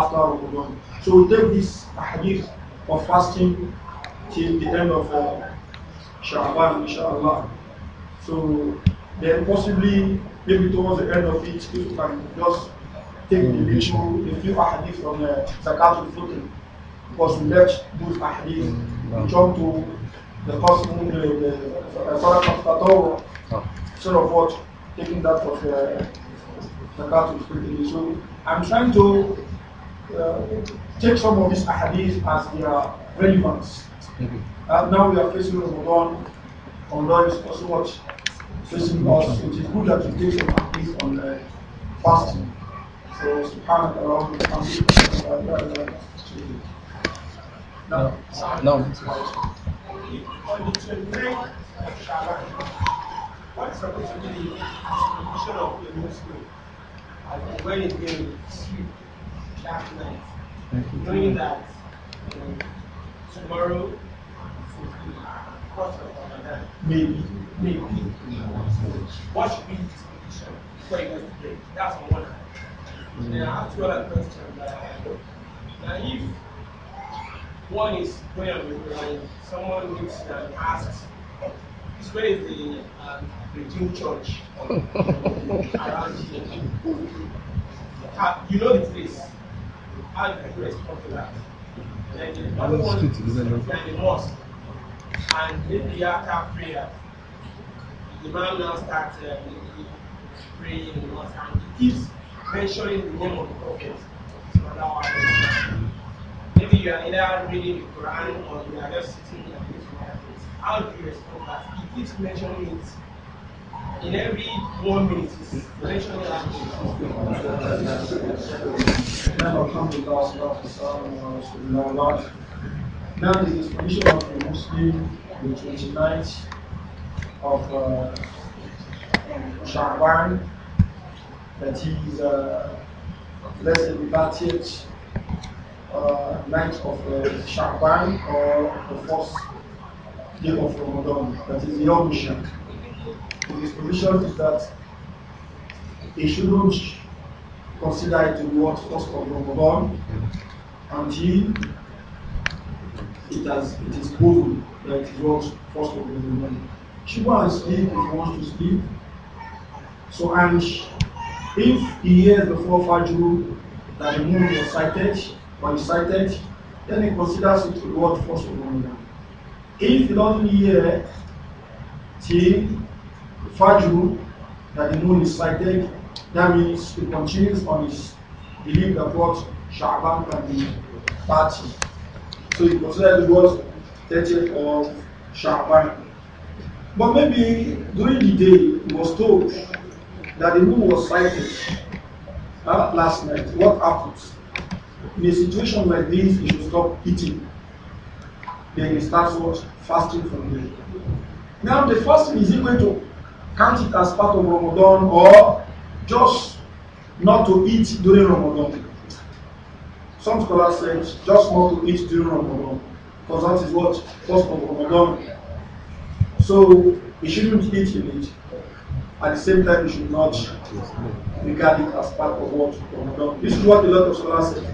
after Ramadan. So we take this hadith of fasting till the end of uh, Sha'ban, inshallah. So then possibly, maybe towards the end of it, if you can just take the mm-hmm. little, a few ahadith from uh, Zakat al Fitr, because we left those ahadith, mm-hmm. we jump to the Qasm, uh, the, the, the Sadaqah Fatawr, oh. instead of what, taking that of uh, Zakat al Fitr. So I'm trying to take some of these ahadith as their relevance. Mm-hmm. Uh, now we are facing Ramadan, Allah is also what facing us. Mm-hmm. It is good that you take some ahadith on uh, fasting. So, subhanAllah, no. No. On the 29th of Shaban, what is the position of a Muslim? And when that Knowing that um, tomorrow Maybe. Maybe. What should be his position before he goes to That's on one hand. Then I have two other questions. Now, if one is where on the someone um, looks and asks, this where is the uh, Church around here? You know the place how you create popular. Then the other one is the mosque. And the after prayer, the man now starts uh, praying in the mosque and he keeps mentioning the name of the prophet. Maybe you are either reading the Quran or you are just sitting there. How do you respond that? He keeps mentioning it in every one minute, lecturing language. Now the tradition of the Muslim the 29th of uh, Shawwal, that is, uh, let's say, the night of uh, or the first day of Ramadan, that is Yom Shak. his position is that he shouldn't consider it to be what first of Ramadan until it has it is proven that it was first of Ramadan. She wants to sleep if he wants to sleep. So and if he hears before Fajr that the moon was sighted or recited, then he considers it to be what first of Ramadan. If he doesn't hear till Fajr that the moon is sighted, that means it continues on his belief that what Sha'ban can be 30. So he considers it was 30 of Sha'ban. But maybe during the day he was told that the moon was sighted uh, last night. What happens? In a situation like this, he should stop eating. Then he starts what? Fasting from there. Now the fasting is equal to count it as part of Ramadan or just not to eat during Ramadan. Some scholars say just not to eat during Ramadan because that is what first of Ramadan. So you shouldn't eat in it. At the same time, you should not regard it as part of what Ramadan. This is what a lot of scholars say.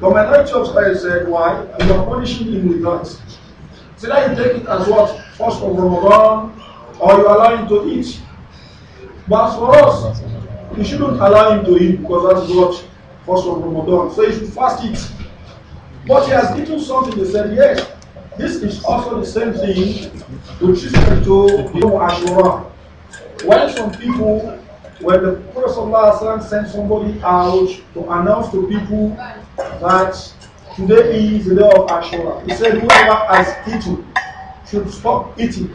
But minority of scholars said, uh, why? You are punishing him with that. So now you take it as what? First of Ramadan, or you allow him to eat. But as for us, we shouldn't allow him to eat because that's what first of Ramadan. So he should fast it. But he has eaten something, they said, yes, this is also the same thing with respect to Yom Ashura. When some people, when the Prophet sent somebody out to announce to people that today is the day of Ashura, he said, whoever has eaten should stop eating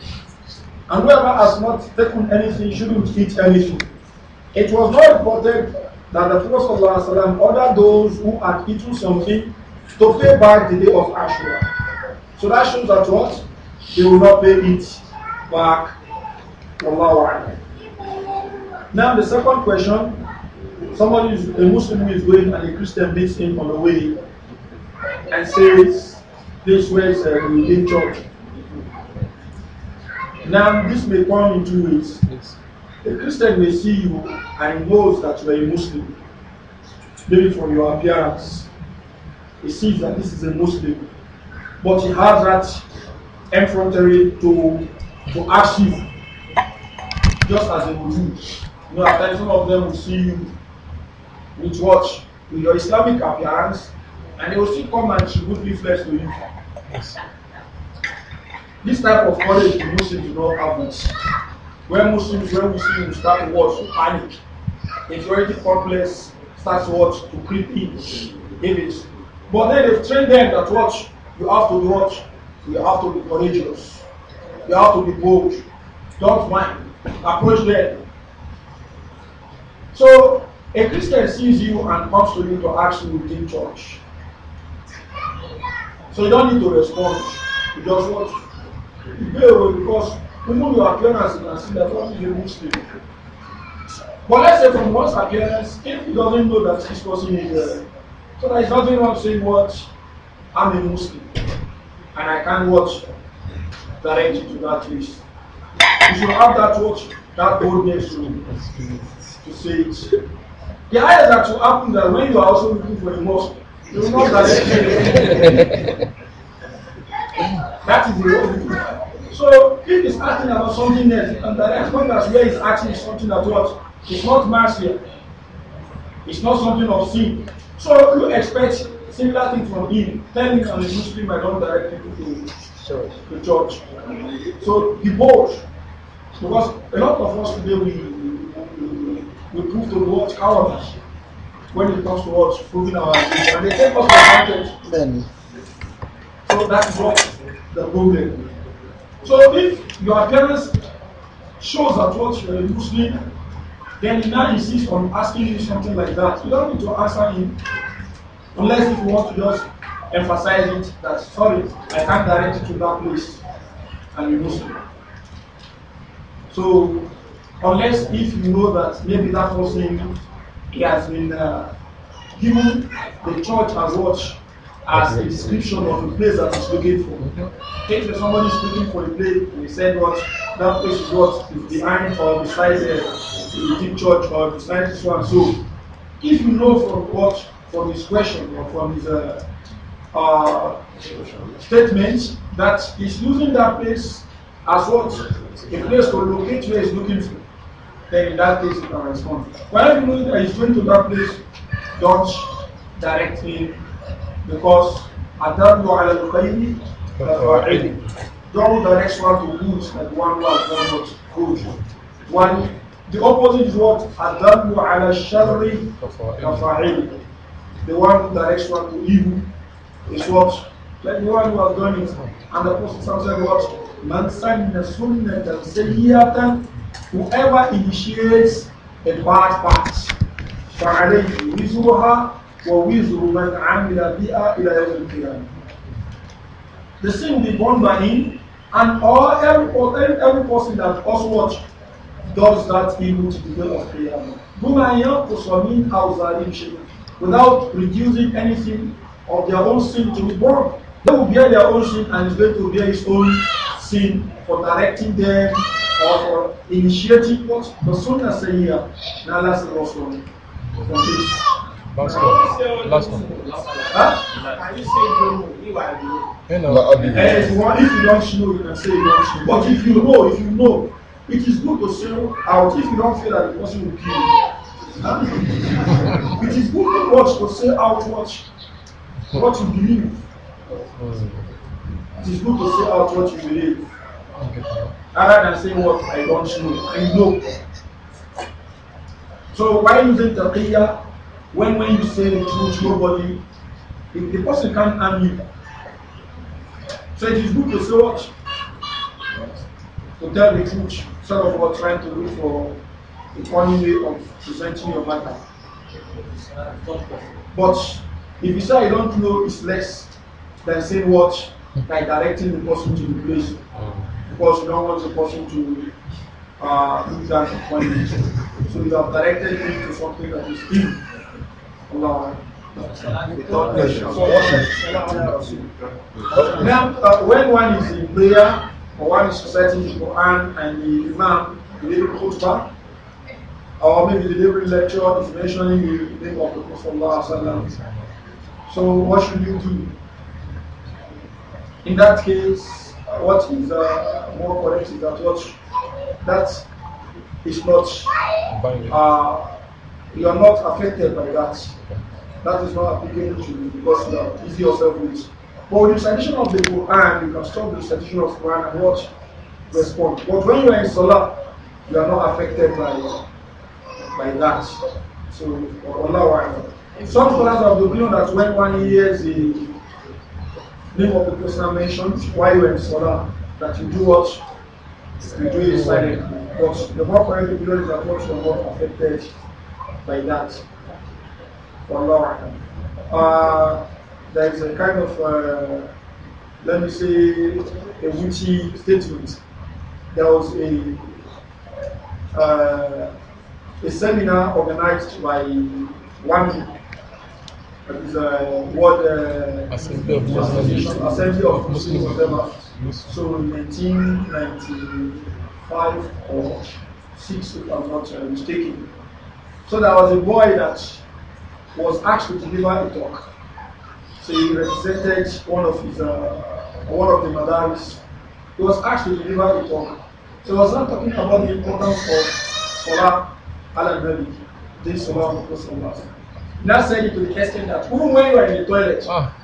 And whoever has not taken anything shouldn't eat anything. It was not reported that the Prophet ordered those who had eaten something to pay back the day of Ashura. So that shows that what? They will not pay it back. Wallahu Now the second question, somebody is a Muslim who is going and a Christian meets him on the way and says, this way is a uh, religion church. Now, this may come in two ways. Yes. A Christian may see you and knows that you are a Muslim, maybe from your appearance. He sees that this is a Muslim, but he has that effrontery to, to ask you, just as a would You know, at times some of them will see you with watch With your Islamic appearance, and they will still come and tribute flesh to you. Yes. This type of knowledge Muslims do not have this. When Muslims, when Muslims start watch, to panic, Majority complex starts watch to creep in. Image. But then they've trained them that watch. you have to be watch. You have to be courageous. You have to be bold. Don't mind. Approach them. So a Christian sees you and comes to you to ask you within church. So you don't need to respond. You just watch. no, because even your appearance you can see that what you Muslim. But let's say from one's appearance, if he doesn't know that this person is so there is nothing wrong saying what I'm a Muslim and I can't watch direct to that list. You should have that watch, that boldness to, to say it. The idea that will happen that when you are also looking for a mosque, you will not direct That is the whole So he is acting about something else, and the next point that's where he's acting is something that what? It's not mercy. It's not something of sin. So you expect similar thing from him. Telling me I'm Muslim, I don't direct people to, to church. So he bold. Because a lot of us today we we prove to what cowardice when it comes to what proving our and they take us for granted. Then so that's what the problem. So if your parents shows that what you're a Muslim, then he now insists on asking you something like that. You don't need to answer him unless if you want to just emphasize it that sorry, I can't direct you to that place. i you a Muslim. So unless if you know that maybe that person he has been uh, given the church as what as a description of the place that he's looking for. If somebody is looking for the place they he said what that place is what is behind or beside the, the deep church or beside this one. So if you know from what from his question or from his uh, uh, statement that he's using that place as what a place to locate where he's looking for, then in that case you can respond. Why you know that he's going to that place, don't direct him because Adamu Yu'ala Al-Khayri Don't the next one to good and one was not good. One, the opposite is what? Adamu Yu'ala Sharri Kafa'il. The one who directs one to evil is what? Like the one who has done it. And the Prophet said what? Man sanna sunnatan sayyatan Whoever initiates a bad path, فَعَلَيْهِ وِزْرُهَا وَوِزْرُ مَنْ عَمِلَ بِهَا إِلَى يَوْمِ الْقِيَامَةِ The sin will be borne by him, and all every, every person that also watch does that evil to the day of Qiyamah. Bumayan Kusamin Auzalim without reducing anything of their own sin to be borne. They will bear their own sin and is going to bear his own sin for directing them or for initiating what the Sunnah say here. Now Let's go last from this. Last one. Last one. Huh? Can you say you don't know? You know. Like, if you don't know, you can say you don't know. But if you know, if you know, it is good to say out if you don't feel that the person will kill you. it is good to watch to say out what, what you believe. It is good to say out what you believe. Rather than saying what I don't know. I know. So why using taqiyya when when you say the truth, nobody, the, the person can't harm you. So it is good to say what? To tell the truth, sort of what trying to look for the funny way of presenting your matter. But if you say I don't know, it's less than saying what by directing the person to the place because you don't want the person to uh, do that So you have directed him to something that is evil. Now, uh, when one is in prayer or one is reciting the Quran and the Imam delivering khutbah, or maybe the delivery lecture is mentioning the name of the Prophet. So, what should you do? In that case, what is uh, more correct is that what that is not uh, you are not affected by that. That is not applicable to you because you are busy yourself with. But with the citation of the Quran, you can stop the citation of Quran and what? Respond. But when you are in Salah, you are not affected by, by that. So, Allah Some scholars have the opinion that when one hears the name of the person mentioned while you are in Salah, that you do what? You do it silently. But the more correct opinion is that what you are not affected by that. Wallahu uh, There is a kind of, uh, let me say, a witty statement. There was a, uh, a seminar organized by one that is a uh, what uh, Assembly of Muslims, So of Muslims, whatever. 1995 or 6, if I'm not uh, mistaken. So there was a boy that was asked to deliver a talk. So he represented one of his uh, one of the madaris. He was asked to deliver a talk. So he was not talking about the importance of Salah al Nabi, this Salah of Prophet. Now said it to the question that even when you are in the toilet, oh.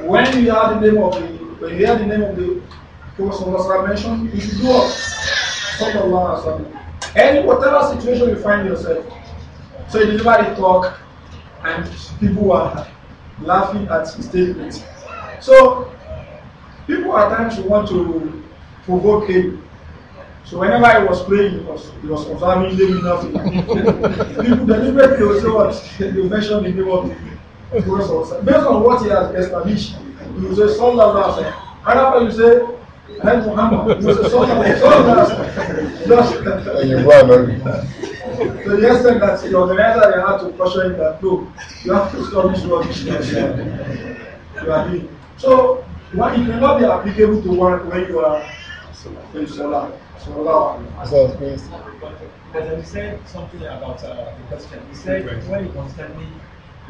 when you hear the name of the when you hear the name of the Prophet mentioned, you should do what? Sallallahu Alaihi Wasallam. Any whatever situation you find yourself. So you deliver the talk and people were laughing at his statement. So people at times want to provoke him. So whenever I was praying, he was, he was observing, doing nothing. people deliberately also what you mention the name of the person Based on what he has established, you say, Sallallahu Alaihi And after you say, Hay Muhammad. son So that you the answer to pressure him that no, you have to stop this rubbish you are So well, it be applicable to one when you are in Salah. So, please. As I said something about uh, the question, He said when you constantly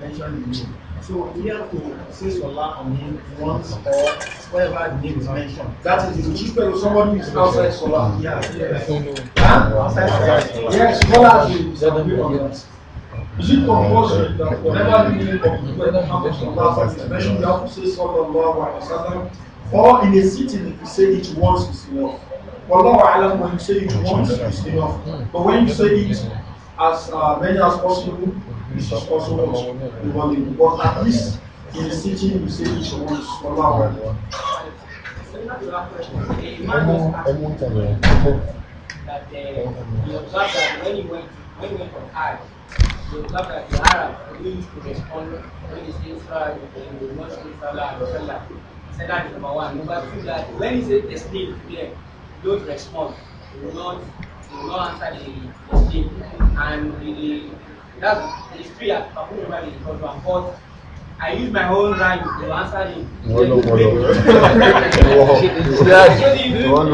mentioned in you. So you have to say Salah on him once or whatever the name is mentioned. That is the respect of somebody who is outside Salah. Mm-hmm. Yeah, yes. Huh? Outside Salah. Yes, Salah is on that. Is it compulsory that whenever the name of the president of Salah is mentioned, you have to say Sallallahu Alaihi Wasallam? Or in a sitting, if you say it once, it's enough. Wallahu Alam, when you say it once, it's enough. But when you say it as uh, many as possible, is possible because it was at least in the teaching you say it was Allah. That uh, he observed that when he went when he went from Hajj, he observed that the Arab used to respond when he says Salah and the Mosque Salah and Salah. He said that is number one. Number two, that when he says the slave to them, don't respond, do not do not answer the, the slave. And the That's the history at Abu Dhabi because I'm called I use my own rhyme to answer him. Ìwọ ló mọ̀ lọ. Ìwọ ló rà yìí. One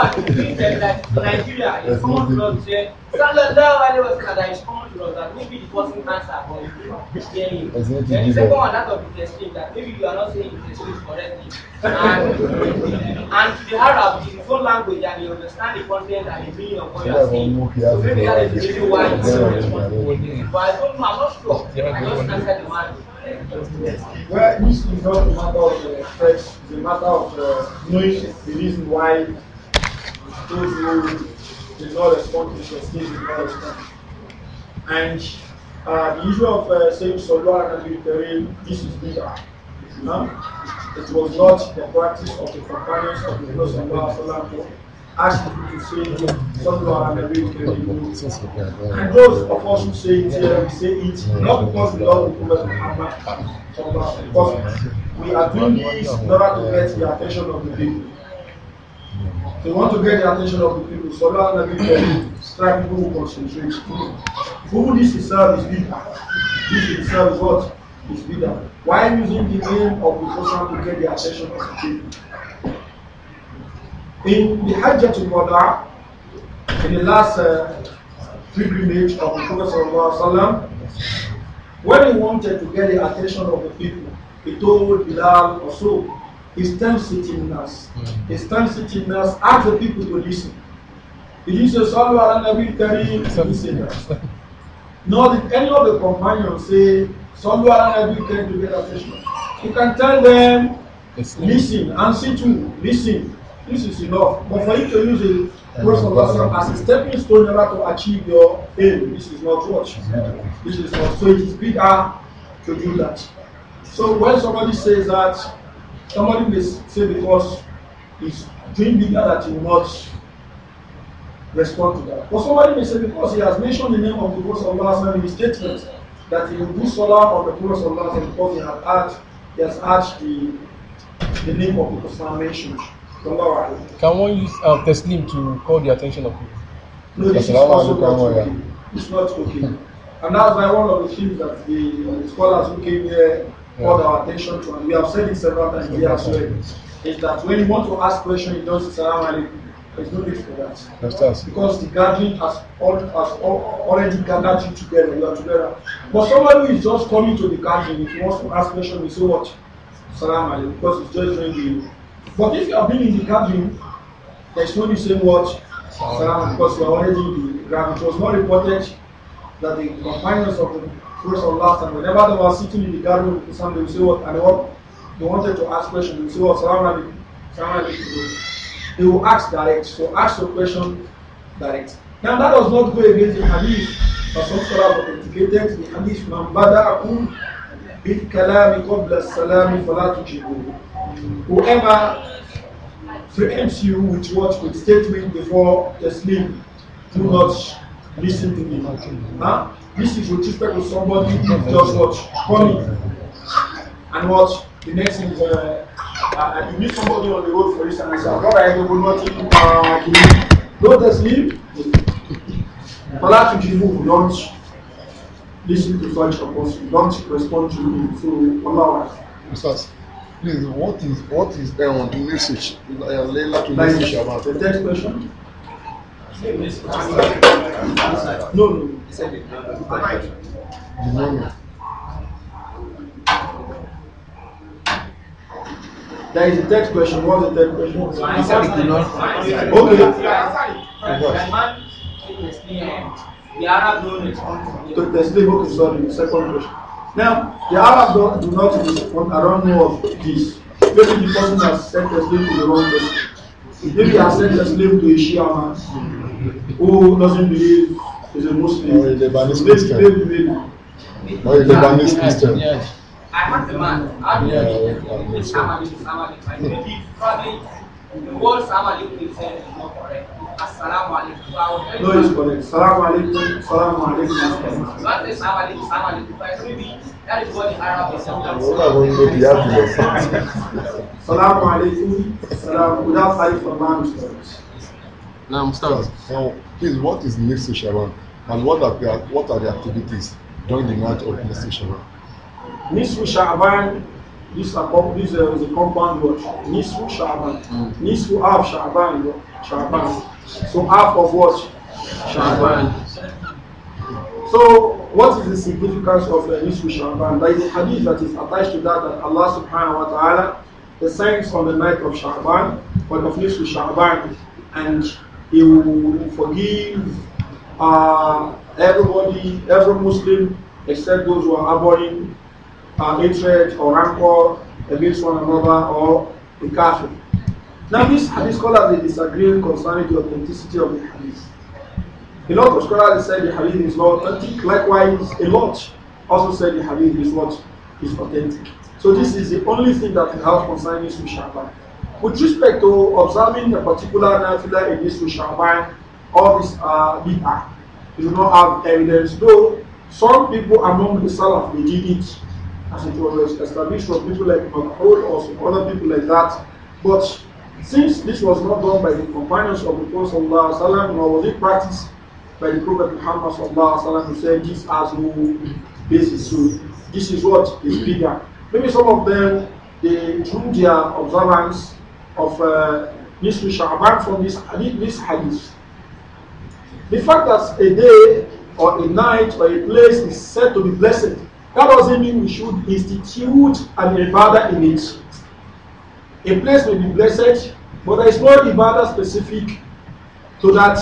one thing said that Nigeria is common law there. Sallallahu alayhi wa sallam that is common law that maybe the person answer but you don't hear him. Then the second one that of the extreme that maybe you are not saying the extreme correctly. And and the Arab is his own language and he understand the content and the meaning of what you are saying. So maybe that is the reason why he's so much more. But I don't know, I'm not sure. I just answered the one. Well, this is not a matter of uh, text. it's a matter of uh, knowing the reason why those who did not respond to the statement did not respond. And uh, the issue of uh, saying Solwa and Abdul this is bigger. No? It was not the practice of the companions of the Prophet Sallallahu Alaihi asked to say it somewhere to every And those of us who say it here, we say it not because the Lord will come the Prophet Muhammad, because we are doing this in order to get the attention of the people. They want to get the attention of the people. So now that people strike people who concentrate. Who this itself is leader. This is is what? Is leader. Why using the name of the person to get the attention of the people? In the to Wada, in the last uh, pilgrimage of the Prophet Sallallahu when he wanted to get the attention of the people, he told Bilal also, his time sitting us, his time sitting us, ask the people to listen. He used to say, Sallu ala Nabi Karim, he said that. Nor did any of the companions say, Sallu ala Nabi Karim to get attention. You can tell them, listen, and sit to, listen this is enough. But for you to use the Prophet as a stepping stone in order to achieve your aim, this is not much. This is not. So it is bigger to do that. So when somebody says that, somebody may say because he's doing bigger that he will not respond to that. But somebody may say because he has mentioned the name of the of Prophet in his statement that he will do solar on the Prophet because he has had he has had the the name of the Prophet mentioned. Can one use um, uh, Teslim to call the attention of people? No, this is also not okay. It's not okay. and that's why one of the things that the uh, scholars who came here called our attention to, and we have said it several times here as well, is that when you want to ask questions, you don't say salam alaikum. There's no need for that. Understand. Because the gathering has, all, has all, already gathered you together. You are together. But somebody who is just coming to the gathering, if he wants to ask questions, we say what? Salam alaikum. Because he's just joining the. But if you have been in the gathering, there's no the same say what because you are already in the gathering. It was not reported that the companions of the first or last and whenever they were sitting in the garden with the Islam, they would say what and what they wanted to ask questions, they would say what Salam alaikum. They will ask direct. So ask your question direct. Now that does not go against the hadith, but some scholars authenticated the hadith, Man bada'akum bil kalami qabla salami falatu jibuhu. whoever preempts you with what with statement before the sleep, do not listen to me. Huh? This is with respect to somebody who just what? Calling. And what? The next thing is, uh, uh, you meet somebody on the road, for instance, and say, God, I will not eat. Uh, don't sleep. But that you don't listen to such a person, don't respond to him. So, Allah. Please, what is what is um, the message? Layla like, message about the third question. No, no, he The normal. There is a third question. What is the third question? He said it did not. Okay. The Arab known The Second question. Now, the Arabs don't, do not respond. I don't know of this. Maybe the person has sent a slave to the wrong person. Maybe he has sent a slave to a Shia man who doesn't believe is a Muslim. Or a Lebanese Christian. Maybe, maybe. Or a Lebanese Christian. Yes. I have the man. How do you yeah, yeah, yeah. Maybe probably the word Samalik himself is not correct. Assalamu alaikum. No, it's correct. Assalamu alaikum. Assalamu alaikum. Not alaikum. Assalamu alaikum. Assalamu alaikum. But alaikum. that alaikum. what alaikum. Arab alaikum. sometimes. alaikum. I want to be happy or something. alaikum. Assalamu without fighting for man. Now, Mustafa. Now, please, what is next to Shaban? And what are, the, what are the activities during the month of Nisru Shaban? Nisru Shaban this account this uh, is a compound word nisfu shaban mm. nisfu half So half of what? Shaban. So what is the significance of the Nisfu Shaban? There is a hadith that is attached to that that Allah subhanahu wa ta'ala descends on the night of Shaban, but of Nisfu Shaban, and He will forgive uh, everybody, every Muslim, except those who are harboring uh, hatred or rancor against one another or the kafir. Now, these hadith scholars they disagree concerning the authenticity of the hadith. A lot of scholars say the hadith is not authentic. Likewise, a lot also say the hadith is not is authentic. So this is the only thing that we have concerning Shabbat. With respect to observing a particular nafila in this Shabbat, all these are bid'ah. We do not have evidence, though some people among the Salaf they did it as it was established from people like Makhul or some other people like that. But since this was not done by the companions of the Prophet ﷺ, nor was it practiced by the Prophet Muhammad ﷺ, who said this has no basis. So this is what is bigger. Maybe some of them they drew their observance of uh, Nisru Sha'ban from this, this hadith. The fact that a day or a night or a place is said to be blessed, that doesn't mean we should institute an ibadah in it. A place may be blessed, but there is no ibadah specific to that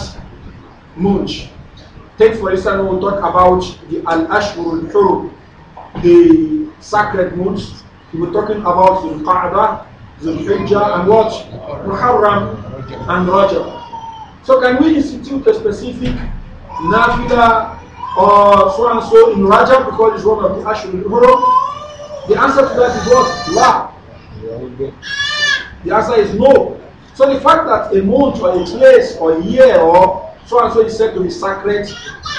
month. Take for instance, we will talk about the Al Ashur al the sacred months. We were talking about the Qa'dah, the Hijjah, and what? Muharram and Rajab. So, can we institute a specific Nafila or so and so in Rajab because it's one of the Ashur al The answer to that is what? La. from them? The answer is no. So the fact that a month or a place or a year or so and so is said to be sacred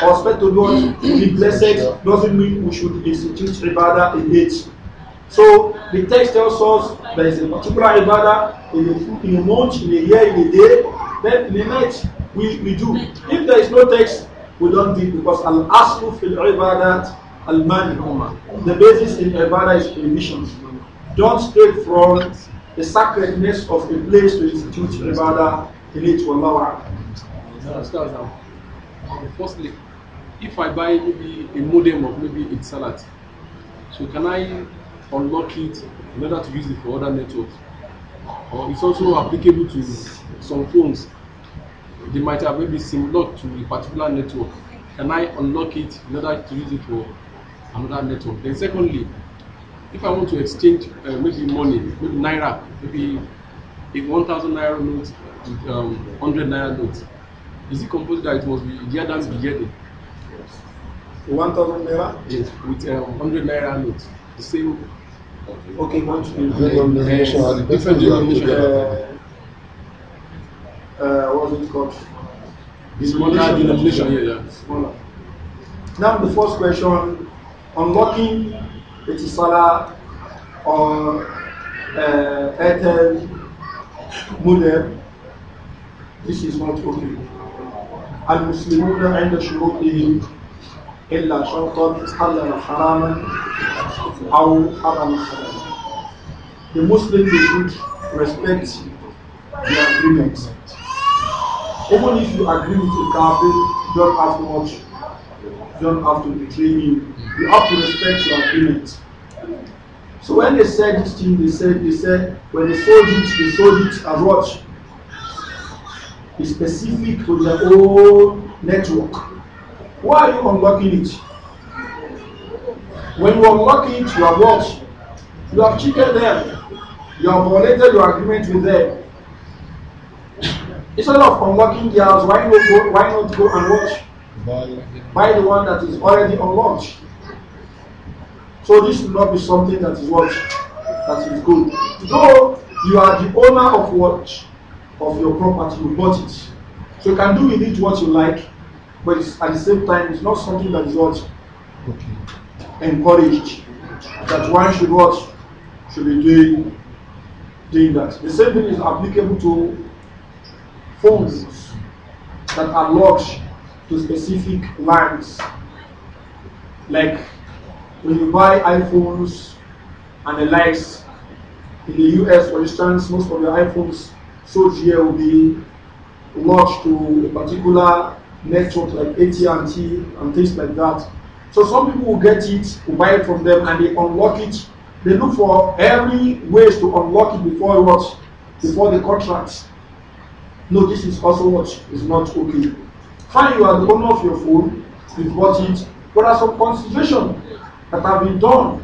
or said to not be blessed doesn't mean we should institute ibadah in it. So the text tells us there is a particular ibadah in a, in a month, in a year, in a day, then in a night we, we do. If there is no text, we don't do because al aslu fil ibadat al mani The basis in ibadah is permission don't stray from the sacredness of a place to institute ibadah in it for Allah. Firstly, if I buy maybe a modem of maybe a salad, so can I unlock it in order to use it for other networks? Or it's also applicable to some phones. They might have maybe SIM locked to a particular network. Can I unlock it in order to use it for another network? Then secondly, if I want to exchange uh, maybe money, maybe naira, maybe a 1,000 naira note with um, 100 naira note, is it composed that it must be Ijadan's Bijede? Yes. 1,000 naira? Yes, with um, 100 naira note. The same. Okay, uh, one to different denomination. Uh, uh, what is it called? This one denomination. Yeah, yeah. Now, the first question on locking which is salah or uh, Airtel modem, this is not okay. المسلمون عند شروطهم إلا شرطا حلل حراما أو حرم حلالا. The Muslims should respect the agreement. Even if you agree with a kafir, don't have to watch, don't have to betray him You have to respect your agreement. So when they said this thing, they said they said when they sold it, they sold it as It's specific to their own network. Why are you unlocking it? When you unlock it, you have what? You have cheated them. You have violated your agreement with them. Instead of unlocking theirs, why not go, why not go and watch? Buy the one that is already unlocked. So this should not be something that is what that is good. Though you are the owner of what of your property, you bought it. So you can do with it what you like, but at the same time, it's not something that is what okay. encouraged. That one should what should be doing doing that. The same thing is applicable to phones that are lodged to specific lines, like when you buy iPhones and the likes, in the US, for instance, most of the iPhones sold here will be launched to a particular network like AT&T and things like that. So some people will get it, will buy it from them, and they unlock it. They look for every ways to unlock it before what, before the contract. No, this is also what is not okay. Fine, you are the owner of your phone, you bought it, but as a consideration, that have been done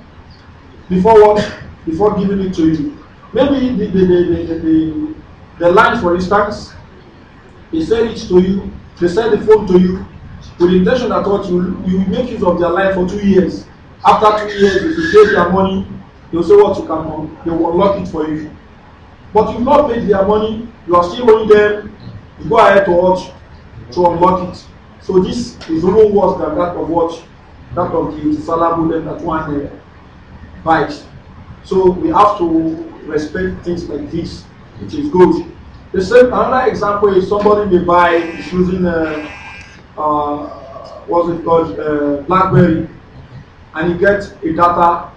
before what? Before giving it to you. Maybe the, the, the, the, the, the line, for instance, they sell it to you, they sell the phone to you, with the intention that what you, you make use of their line for two years. After two years, if you pay their money, they will say what you can, do. they will unlock it for you. But you not pay their money, you are still owing them, you go ahead to watch, to unlock it. So this is even worse than that of what that of the salable left at one uh, bite. So we have to respect things like this, which is good. The same, another example is somebody may buy is using a, uh, uh, what's it called, uh, BlackBerry, and he gets a data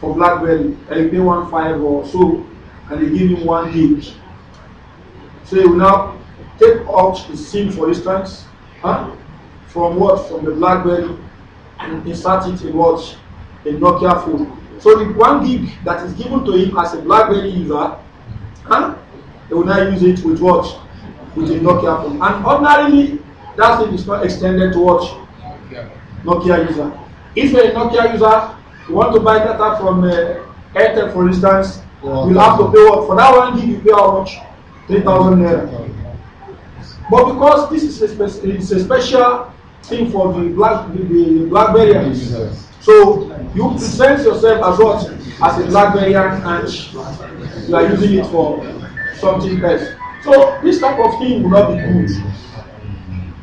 for BlackBerry, lp he pay one five or so, and they give him one gig. So you now take out the SIM, for instance, huh? from what? From the BlackBerry insert it in what? A Nokia phone. So the one gig that is given to him as a BlackBerry user, huh? he will now use it with what? With a Nokia phone. And ordinarily, that thing is not extended to what? Nokia, user. If a Nokia user you want to buy data from uh, Airtel, for instance, yeah. you'll have to pay what? For that one gig, you pay how much? Three thousand naira. But because this is a, spe- a special thing for the black the, the blackberries. Yes. So you present yourself as what? As a blackberry and you are using it for something else. So this type of thing will not be good.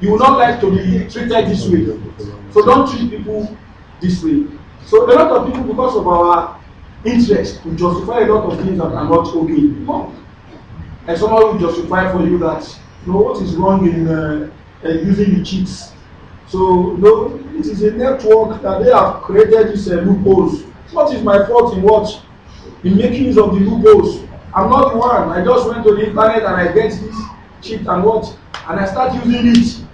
You will not like to be treated this way. So don't treat people this way. So a lot of people, because of our interest, we justify a lot of things that are not okay. And someone will justify for you that, you know, what is wrong in uh, uh, using the cheats? So, no, it is a network that they have created these uh, loopholes. What is my fault in what? In making use of the loopholes. I'm not the one. I just went to the internet and I get this cheat and what? And I start using it.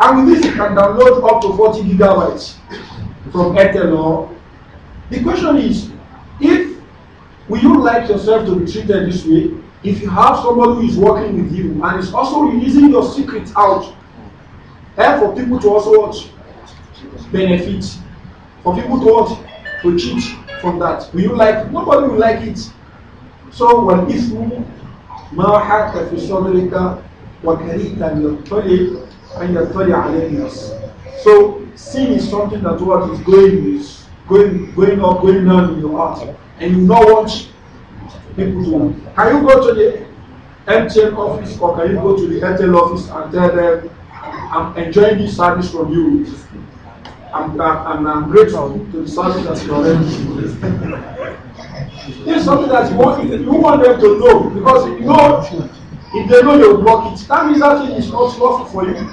And with this, you can download up to 40 gigabytes from Airtel or. The question is, if will you like yourself to be treated this way? If you have somebody who is working with you and is also releasing your secrets out And for people to also watch, benefit. For people to watch, to cheat from that. Will you like Nobody will like it. So when Ismu ما حاك في صدرك وكريت أن يطلع أن يطلع عليه الناس. So sin is something that what is going is going going up going down in your heart, and you not want people to. Can you go to the MTN office or can you go to the Airtel office and tell them I'm enjoying this service from you. I'm, I'm, I'm grateful to the service that you are It's something that you want, you want them to know because you know if they know you block it, that means that is not lawful for you.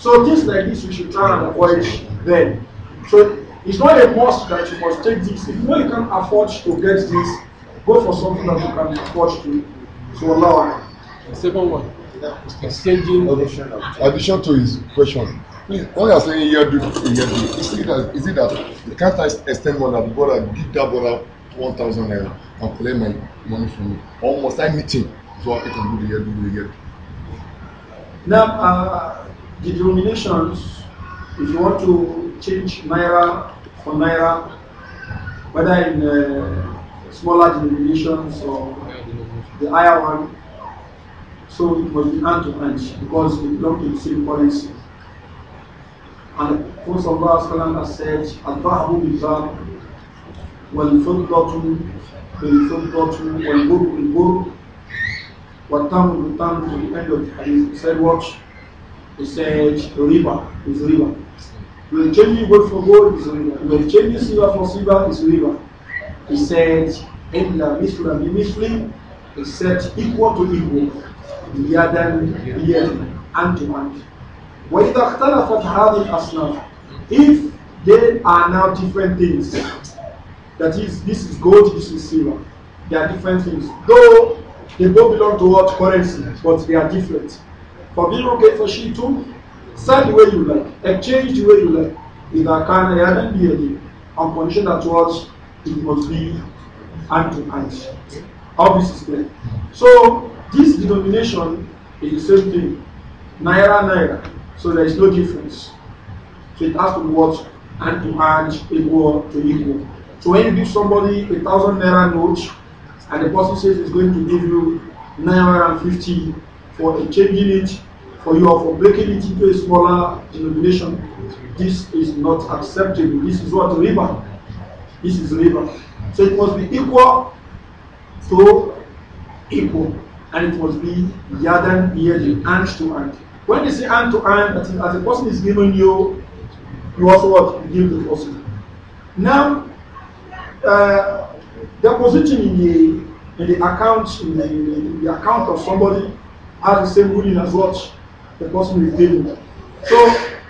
So things like this we should try and avoid then. So it's not a must that you must take this. If you know you can't afford to get this, go for something that you can afford to. So allow Second one. exchanging addition, to his question please when you are saying iye do iye do is it that is it that the can't I extend more than the brother give that brother one thousand naira and collect my money from me or must I meet him so I can do the iye do iye do. now uh, the denominations if you want to change naira for naira whether in uh, smaller denominations or the higher one So it must be hand to hand because it belong to the same currency. And Prophet Allah has said, Al-Bahabu bizar, wal-fiddatu, bil-fiddatu, wal-bur, wal-bur, wal-tamu, wal-tamu, to the end of the hadith. He said what? He said, riba, is river. You are changing gold for gold, is river. You are changing silver for silver, is river." He said, Illa mithla bi mithli, he said, equal to equal. يدا بيد hand to hand وإذا اختلفت هذه الأصناف if they are now different things that is this is gold this is silver they are different things though they both belong to what currency but they are different for being okay for she too sell the way you like exchange the way you like إذا كان يدا بيد on condition that what it must be hand to hand all this is clear so This denomination is the same thing. Naira, naira. So there is no difference. So it has to be what? And to match equal to equal. So when you give somebody a thousand naira note and the person says he's going to give you naira fifty for changing it for you or for breaking it into a smaller denomination, this is not acceptable. This is what riba. This is riba. So it must be equal to equal. and it must be yadan biyadin, hand to hand. When you say hand to hand, that is, as a person is giving you, you also have to give the person. Now, uh, depositing in the in the account in the, in the, account of somebody has the same ruling as what the person is giving. So,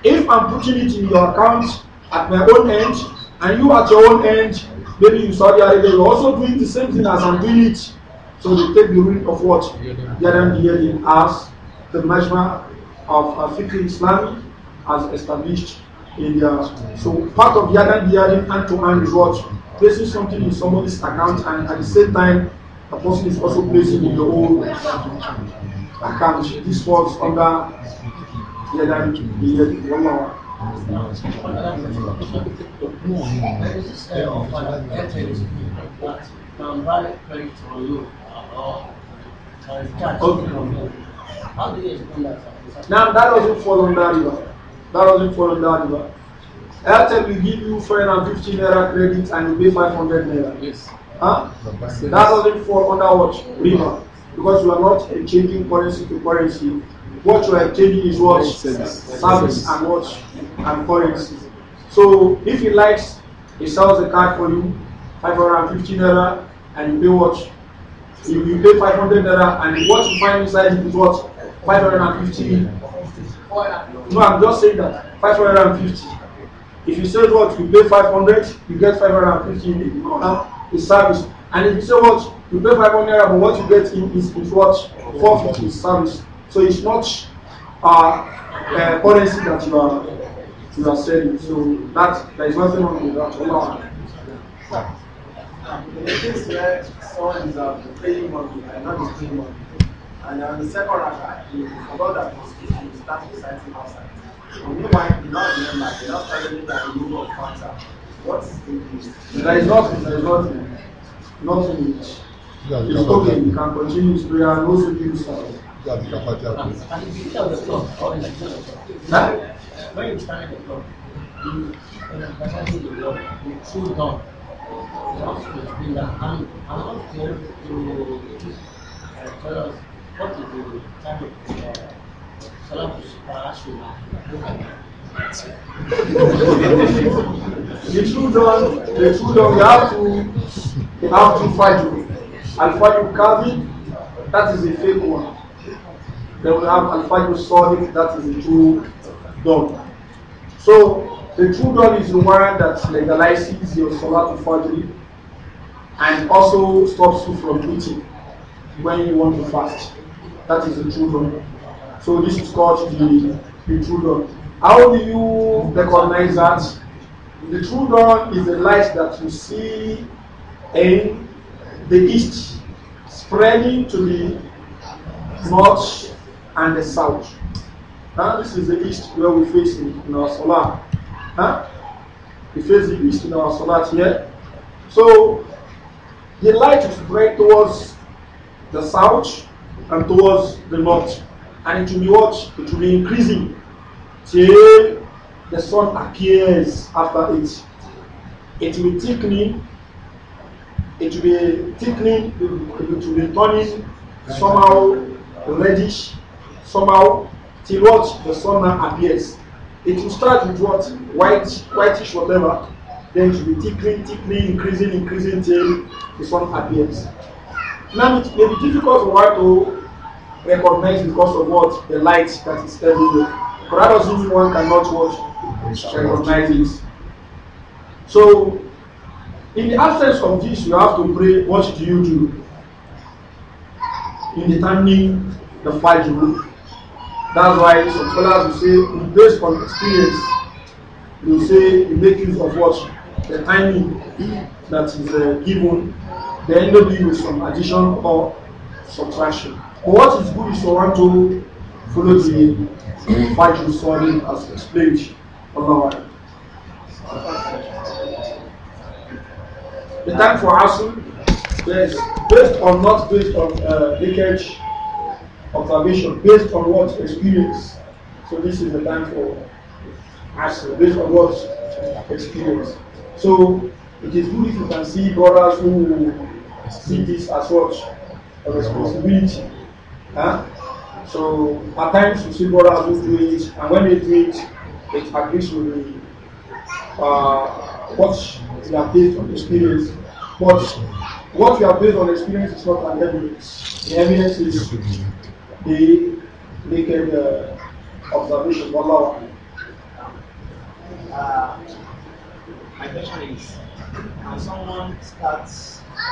if I'm putting it in your account at my own end, and you at your own end, maybe in Saudi Arabia, you're also doing the same thing as I'm doing it So they take the ruling of what? Yadam Diyadim as the Majma of uh, Fikri Islam as established in their. So part of Yadam Diyadim and to hand is what? Placing something in somebody's account and at the same time a person is also placing in the own account. This falls under Yadam Diyadim. Wallah. Does this uh, of uh, an How do you explain that? Now that doesn't fall under river. That doesn't fall under river. Airtel will give you 450 naira credit and you pay 500 naira. Yes. Huh? That doesn't fall under what? River. Because you are not exchanging currency to currency. What you are exchanging is what? Service, service and what? And currency. So if he likes, he sells the card for you, 550 naira, and you pay what? If you pay five hundred naira and what you find inside is what? five hundred and fifty. No, I'm just saying that five hundred and fifty. If you say what you pay five hundred, you get five hundred 550 in it. No, now it's service. And if you say what you pay five hundred naira, but what you get in is, is what 450 is service. So it's not uh, uh currency uh, that you are you are selling. So that there is nothing wrong with that. The things where someone is um, uh, praying on me, I know he's praying on And on the second rakah, he forgot that he, he started reciting outside. And meanwhile, might not remember, he not telling that he moved on What is the use? There is nothing, there is nothing. Nothing which. Yeah, it's okay, you can continue his prayer, no sujood sound. Yeah, the kapati And if you tell the club. or is the clock? When you time the clock, you, when you the clock, you I am not be to uh, tell us what is the type of the true dawn, the true dawn, you have to, you have to fight you. And fight you that is the fake one. Then we have Al Fajr Sonic, that is the true dog. So the true dawn is the one that legalizes your to Fajr and also stops you from eating when you want to fast. That is the true dawn. So this is called the, the true dawn. How do you recognize that? The true dawn is the light that you see in the east spreading to the north and the south. Now this is the east where we face in, in our solar. Huh? We face the east in our salat here. So the light is bright towards the south and towards the north. And it will be what? It will be increasing till the sun appears after it. It will be thickening. It will be thickening. It will be turning somehow reddish, somehow till what? The sun appears. It will start with what? White, whitish whatever. Then it will be tickling, tickling, increasing, increasing till the sun appears. Now it may be difficult for one to recognize because of what? The light that is everywhere. But that doesn't mean one cannot watch, Recognize it. So, in the absence of this, you have to pray, what do you do? In determining the Fajr, That's why some scholars will say, based on experience, they will say you make use of what? The timing that is uh, given, then maybe with some addition or subtraction. But what is good is to want to follow the Fajr Sawdin as explained. Allah. The time for asking, yes, based on not based on uh, leakage. observation based on what experience. So this is the time for us based on what experience. So it is good if you can see brothers who see this as what a responsibility. Huh? So at times you see brothers who do it, and when they do it, it agrees with the uh, what you are based on experience. But what you are based on experience is not an evidence. The evidence is the naked uh, observation. Wallahu uh, my question is Can someone start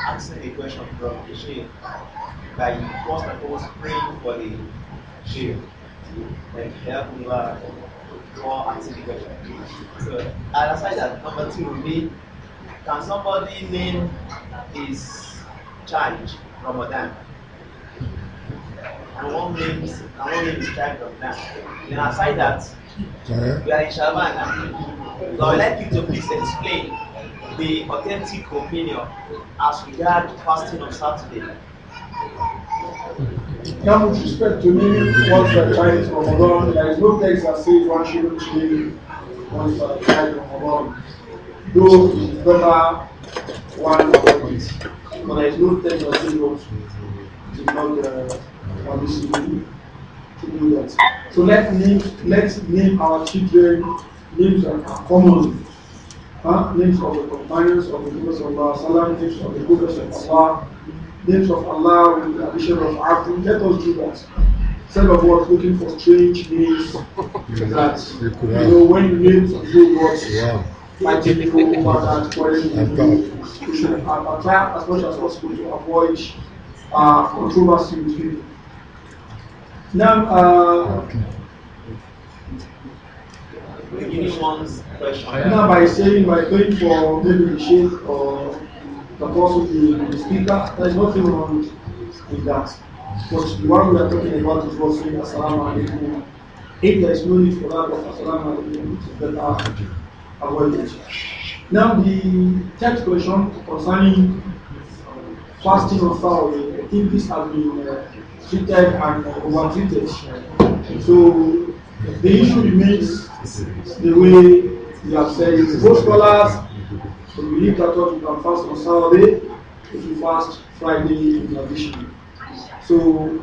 asking a question from the sheikh, by first and foremost praying for the sheikh, like help me out before asking the question. So, I aside that, number two would be can somebody name his child Ramadan? and one male and one male is child of Nam. Then aside that, we are in Shaban So I would like you to please explain the authentic opinion as regard fasting on Saturday. Now, with respect to meaning once a child of Ramadan, there is no text that says one shouldn't mean once a child of Ramadan. Though it is one of it. But there is no text that says one should not. Uh, permissible to do that. So let name, let name our children names that are common. Huh? Names of the companions of the Prophet of Allah, names of the Prophet of Allah, names of Allah with the addition of Abdul. Let us do that. Instead of what looking for strange names that you know when you name you what yeah. like people over you should try as much as possible to avoid uh, controversy between. Now, uh, now by saying by going for maybe the sheikh or the course with the, speaker, there is nothing wrong with that. But the one we are talking about is what's saying Assalamu alaikum. If there is no need for that of Assalamu alaikum, it is better avoided. Now the third question concerning fasting of Fawway, I think this has been uh, treated and overtreated. So the issue remains the way you have said it. Most scholars believe that what you can fast on Saturday, if you fast Friday in addition. So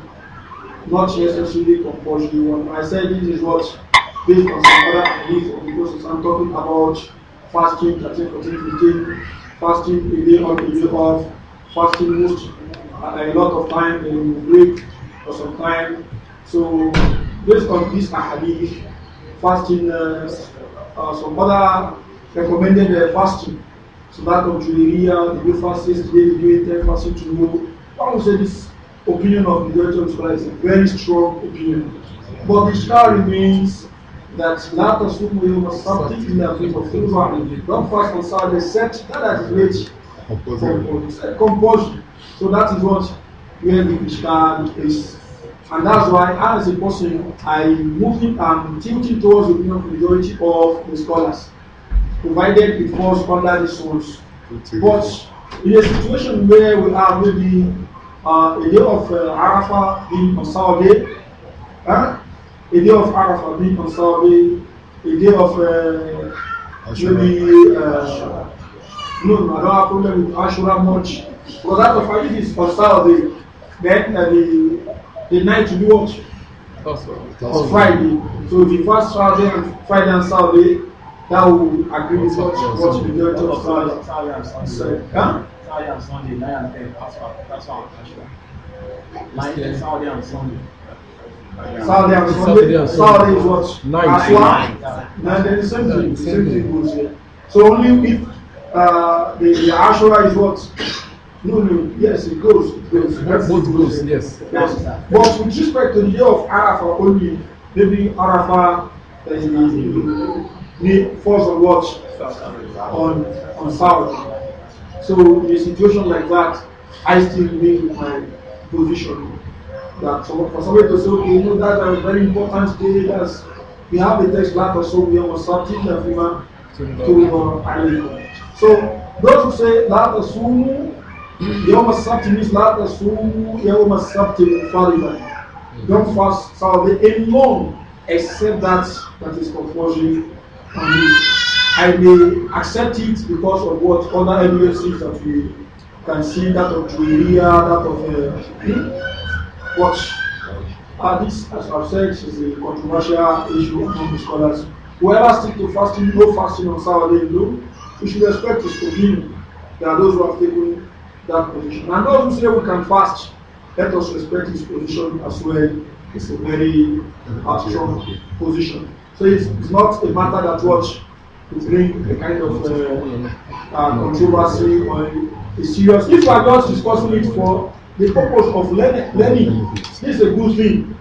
not necessarily compulsory one. I said this is what based on some other ideas of the process. I'm talking about fasting, 13, 14, 15, fasting a day on a day off, fasting most a lot of time, and will break for some time. So based on this ahadith, fasting, uh, uh, some other recommended uh, fasting. So that of Julia, the new fast yesterday, the day ten fasting tomorrow. I would say this opinion of the of scholars is a very strong opinion. But the shah remains that لا تصوم in the إلا of the واحد. Don't fast on Saturday, that that is late. Compulsion. Compulsion. So that is what where the Ishkan is. And that's why, as a person, I moving and tilting towards the of majority of the scholars, provided it falls under the source. But in a situation where we have maybe uh, a day of uh, Arafah being on Saturday, huh? a day of Arafah being on Saturday, a day of uh, maybe, uh, no, I don't have problem with Ashura much. Because that of Friday is for Saturday. Then uh, the, the night to be what? Also, on Friday. So the first Saturday and Friday and Saturday, that will agree with what, what the majority of Saturday. Saturday and Sunday. Sorry, huh? Saturday and Sunday, nine and ten. That's what, that's what I'm catching. 9 and Saturday and Sunday. Saturday and Sunday. Saturday is what? Nine. Nine. Nine. Nine. Then the same thing. Same thing goes here. So only if uh, the, the Ashura is what? No, no, yes, it goes. It goes. Both, both goes, yes. yes. But with respect to the year of Arafah only, maybe Arafah uh, the force of watch on on South. So in a situation like that, I still remain in my position. That for somebody to say, okay, you know that's a very important day, that's we have a text like or so we have something that we want to uh, So those who say that the sumu Yawm al-Sabt means la tasu Yawm al-Sabt munfaridan. Don't fast Saturday alone except that that is compulsory for me. I may accept it because of what other evidences that we can see, that of Julia, that of uh, what. Uh, this, as I've said, is a controversial issue among the scholars. Whoever stick to fasting, no fasting on Saturday, no, we should respect his opinion. There are those who have taken that position. And those who say we can fast, let us respect his position as well. It's a very uh, strong position. So it's, it's, not a matter that what to bring a kind of uh, uh, controversy or a serious. If we are just discussing it for the purpose of learning, this is a good thing.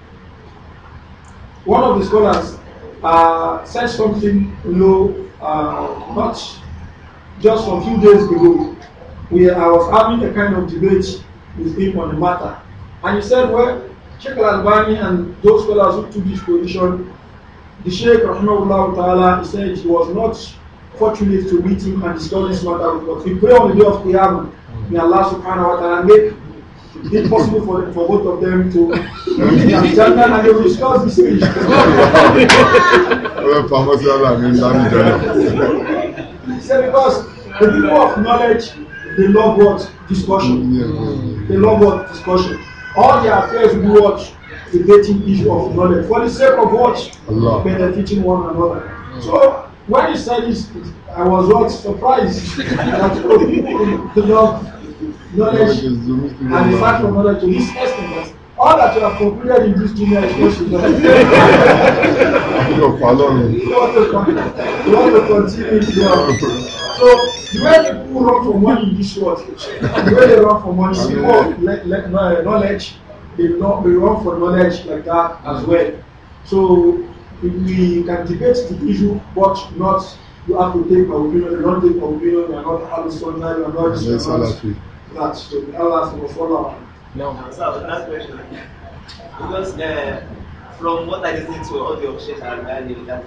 One of the scholars uh, said something, you know, uh, not just a few days ago. we, I was having a kind of debate with him on the matter. And he said, well, Sheikh Al-Albani and those scholars who took this position, the Sheikh Rahimahullah Ta'ala, he said he was not fortunate to meet him and discuss this matter with us. We pray on the day of Qiyamah, may Allah subhanahu wa ta'ala make it possible for, for both of them to meet and they will discuss this issue. he said because the people of knowledge they love what? Discussion. Mm, yeah, yeah, they love what? Discussion. All their affairs will be what? Debating issue of knowledge. For the sake of what? Allah. Benefiting one another. Mm. So when you said this, I was not surprised that people love knowledge and the fact of knowledge to his extent all that you have completed in this junior is not enough. you want to continue? You want to continue? So the way people run for money in this world, the way they run for money, see more oh, let, let, eh, knowledge, they, not, they run for knowledge like that mm -hmm. as well. So we can debate the issue, but not you have to take my opinion, you don't take my opinion, you are not having son, you are not yes, that. So Allah will follow. No. So that question. Because uh, from what I listen to all the officials and that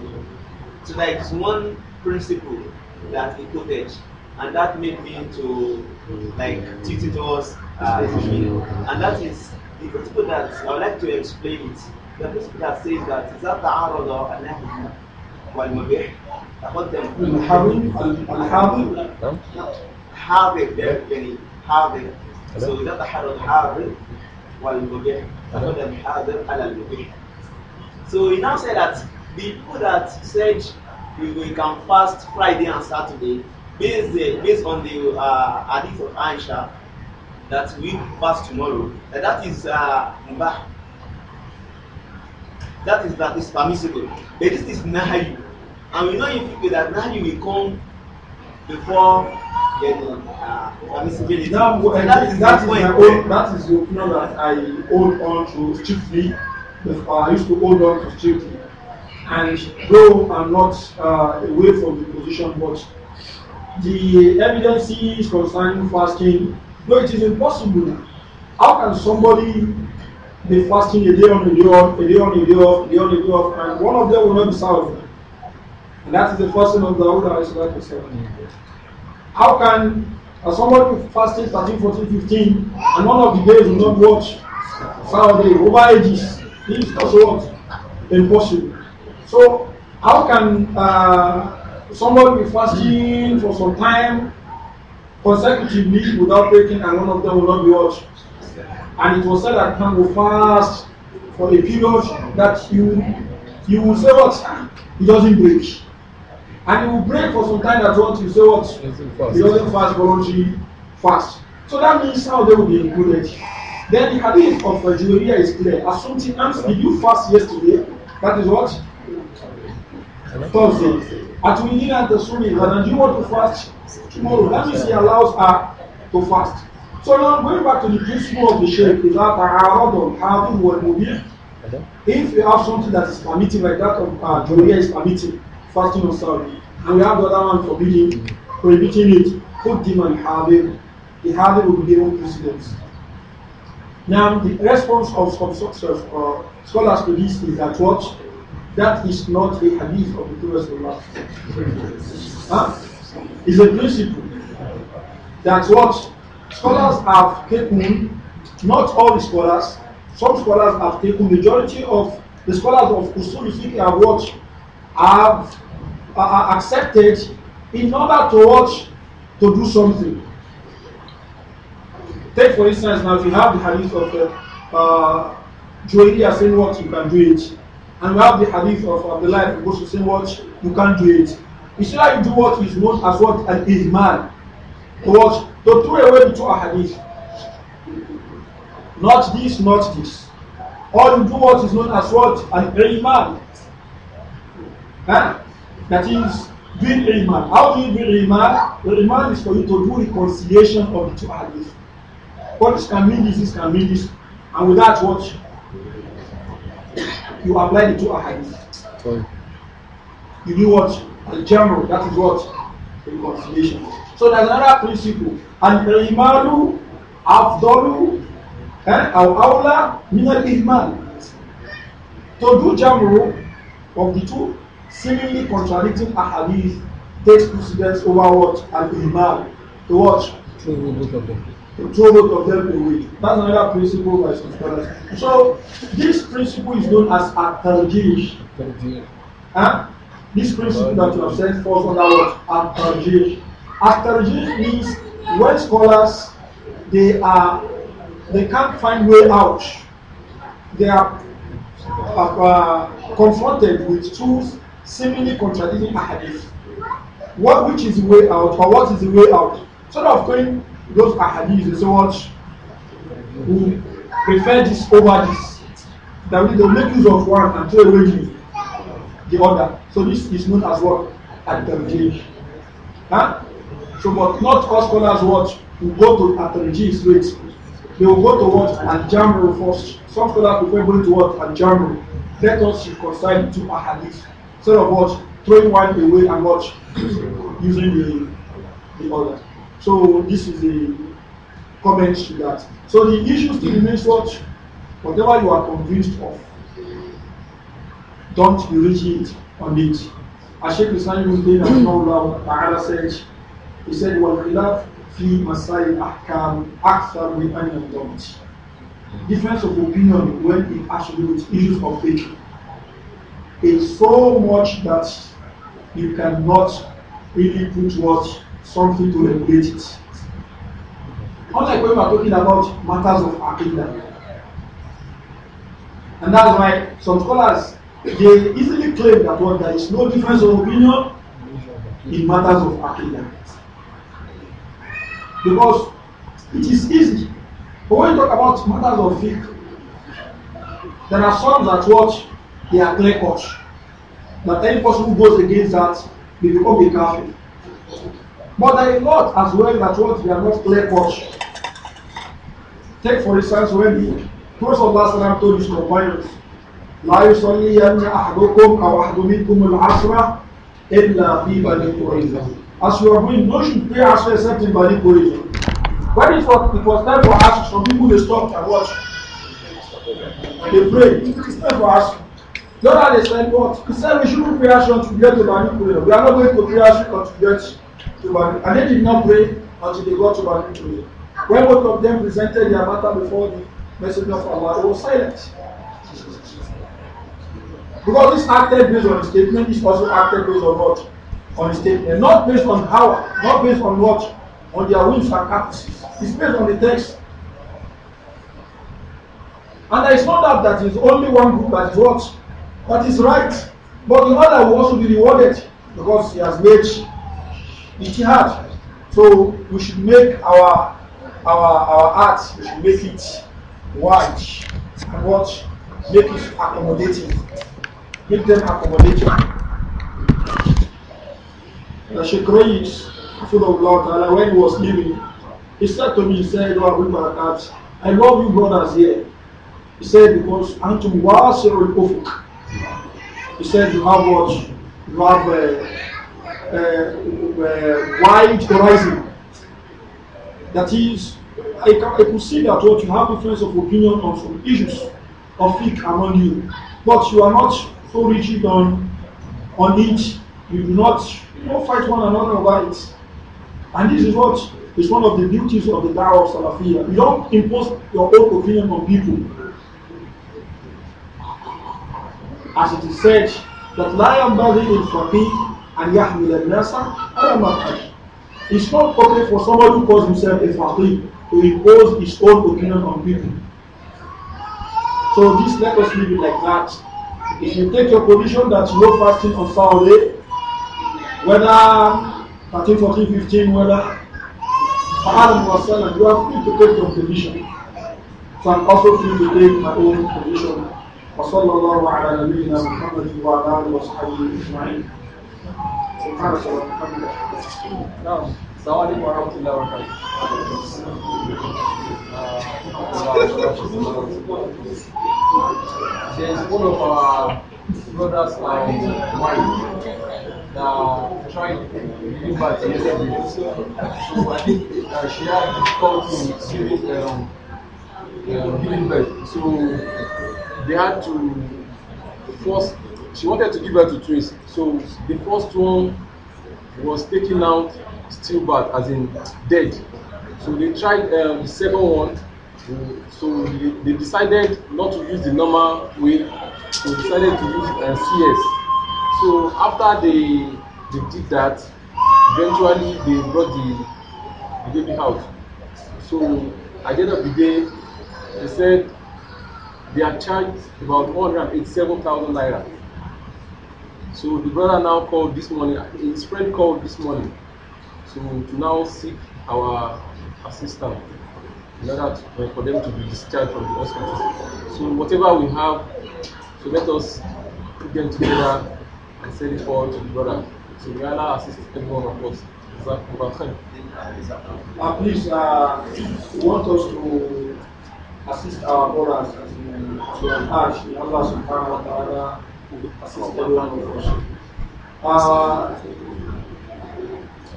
is like one principle that he quoted, and that made me to like teach it towards uh, and that is the principle that I would like to explain it. The principle that says that is that the arrow or an والمبيح تقدم الحاضر الحاضر حاضر يعني حاضر سو إذا تحرر حاضر والمبيح تقدم حاضر على المبيح So he now said that the people that said you, you can fast Friday and Saturday based, uh, based on the uh, hadith of Aisha that we fast tomorrow. Uh, that is uh, That is that is permissible. But this is nahayu, and we know in fiqh that nahayu will come before the uh, Now, eh, that is that is, that is the opinion that I hold on to strictly. I used to hold on to strictly. and though I'm not uh, away from the position, but the evidences concerning fasting, no, it is impossible, how can somebody be fasting a day on a day off, a day on a day off, a day on a day off, and one of them will not be salvaged? And that is the fasting of Dawood alayhi salatu How can uh, somebody fasting 13, 14, 15, and one of the days will not watch Saturday over ages? This is also what? Impossible. So how can uh, somebody be fasting for some time consecutively without breaking and one of them will not be watched? And it was said that can go fast for a period that you you will say what? It doesn't break. And it will break for some time that what you say what? It doesn't fast voluntary fast. So that means how they will be included. Then the hadith of uh, is clear. Assumption, did you fast yesterday? That is what? Thursday. Uh, at we at the Sunni, and you want to fast tomorrow. That means he allows her to fast. So now going back to the principle of the Shaykh is that A'aradun, Ha'adun, wal Mubir. If you have something that is permitting, like that of uh, Joriya is permitting, fasting on Saturday, and we have the other one forbidding, prohibiting it, put them have Ha'adun. The Ha'adun will be given precedence. Now, the response of some uh, scholars to this is that what? That is not a hadith of the Prophet. huh? It's a principle. That's what scholars have taken, not all the scholars, some scholars have taken, majority of the scholars of Usul Fiqh have Have uh, uh, accepted in order to watch, to do something. Take for instance now, if you have the hadith of uh, uh, Joelia saying what you can do it, And we have the hadith of Abdullah ibn Bush saying what you can't do it. Instead you do what is known as what an ihmal. To what? To throw away the two hadith. Not this, not this. Or you do what is known as what? An ihmal. Huh? That is doing ihmal. How do you do ihmal? The ihmal is for you to do reconciliation of the two hadith. What can mean this, this can mean this. And with that what? you apply the two ahadis. You do what? in general, that is what? Reconciliation. So there's another principle. and imalu Afdalu eh, Aw Awla Min al To do Jamru of the two seemingly contradicting ahadis takes precedence over what? Al-Ihmal. To watch. To both of to of them wait. That's another principle by scholars. So this principle is known as at-tarjih. Huh? This principle that you have said falls under what? At-tarjih. means when scholars they are they can't find way out. They are uh, uh confronted with two seemingly contradicting hadith. What which is the way out or what is the way out? Sort of going those ahadith, they say "Watch Who prefer this over this. That means they make use of one and throw away the, the other. So this is known as what? at Huh? So, but not all scholars watch Who go to at-tarjih straight. They will go to what? Al-jamru first. Some scholars prefer going to what? Al-jamru. Let us reconcile to hadith. Instead of what? Throwing one away and watch Using the, the other. So this is a comment to that. So the issue still remains what? Whatever you are convinced of, don't irritate on it. As Sheikh Islam Ibn Ta'ala said, he said, وَالْخِلَافِ fi masai الْأَحْكَامِ أَكْثَرُ مِنْ أَنْ يَنْضَمِتِ Difference of opinion when it has to do with issues of faith is so much that you cannot really put what something to regulate it. Unlike when we are talking about matters of Aqidah. And that's why some scholars they easily claim that what there is no difference of opinion in matters of Aqidah. Because it is easy. But when you talk about matters of faith, there are some that watch, they are clear cut. That any person who goes against that, they become a kafir. But there is not as well that what we are not clear cut. Take for instance when the first Prophet ﷺ told his companions, لا يصلين أحدكم أو أحد منكم العصر إلا في بني قريظة. As you are going, no should pray as well except in Bani Qurayza. When it was, it was time for us, some people they stop and watch. They prayed. It is time for us. Not that they said what? He said we shouldn't pray as to get to Bali Qurayza. We are not going to pray as to get to And they did not pray until they got to Banu Julia. When both of them presented their matter before the Messenger of Allah, it was silent. Because this acted based on a statement, this also acted based on what? On a statement. Not based on how, not based on what? On their whims and caprices. It's based on the text. And there is no doubt that is only one group that is what? That is right. But the other will also be rewarded because he has made So we should make our our our art, we should make it wide and what make it accommodating. Make them accommodating. The Sheikh Reis, Allah, when he was leaving, he said to me, he said, I love you brothers here. He said, because Antum Wasirul Ufuk. He said, you have what? You have uh, uh, uh, wide horizon. That is, I, can, I could see that what you have difference of opinion on some issues of fiqh among you, but you are not so rigid on on it. You do not you know, fight one another over it. And this is what is one of the beauties of the Dawah of salafia. You don't impose your own opinion on people. As it is said, that lion body for peace. and Yahmil al-Nasa Aramakai. It's not okay for somebody who calls himself a faqih to impose his own opinion on people. So this let us leave it like that. If you take your position that no fasting on Saturday, whether 13, 14, 15, whether Adam was and you are free to take your position. So I'm also free to take my own position. وصلى الله على نبينا محمد وعلى اله وصحبه اجمعين سبحانك She is one of our brothers and wife that tried to deliver the interview. So I think uh, she had difficulty with giving, um, um, birth. So they had to force she wanted to give birth to twins. So the first one was taken out stillbirth, as in dead. So they tried um, the second one. So they, they, decided not to use the normal way. So they decided to use uh, CS. So after they they did that, eventually they brought the, the baby out. So at the end of the day, they said they are charged about 187,000 naira. So the brother now called this morning, his friend called this morning to, to now seek our assistance in order to, uh, for them to be discharged from the hospital. So whatever we have, so let us put them together and send it forward to the brother. So we are now assisting one of us. Uh, please, uh, we want us to assist our brothers as in, to enlarge Allah subhanahu wa ta'ala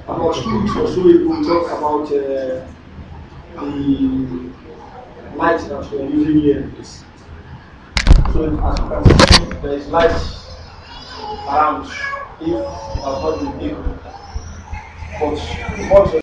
about two weeks or so ago, we talked about uh, the light that we are using here. So, as you can see, there is light around if you have not been able. But, but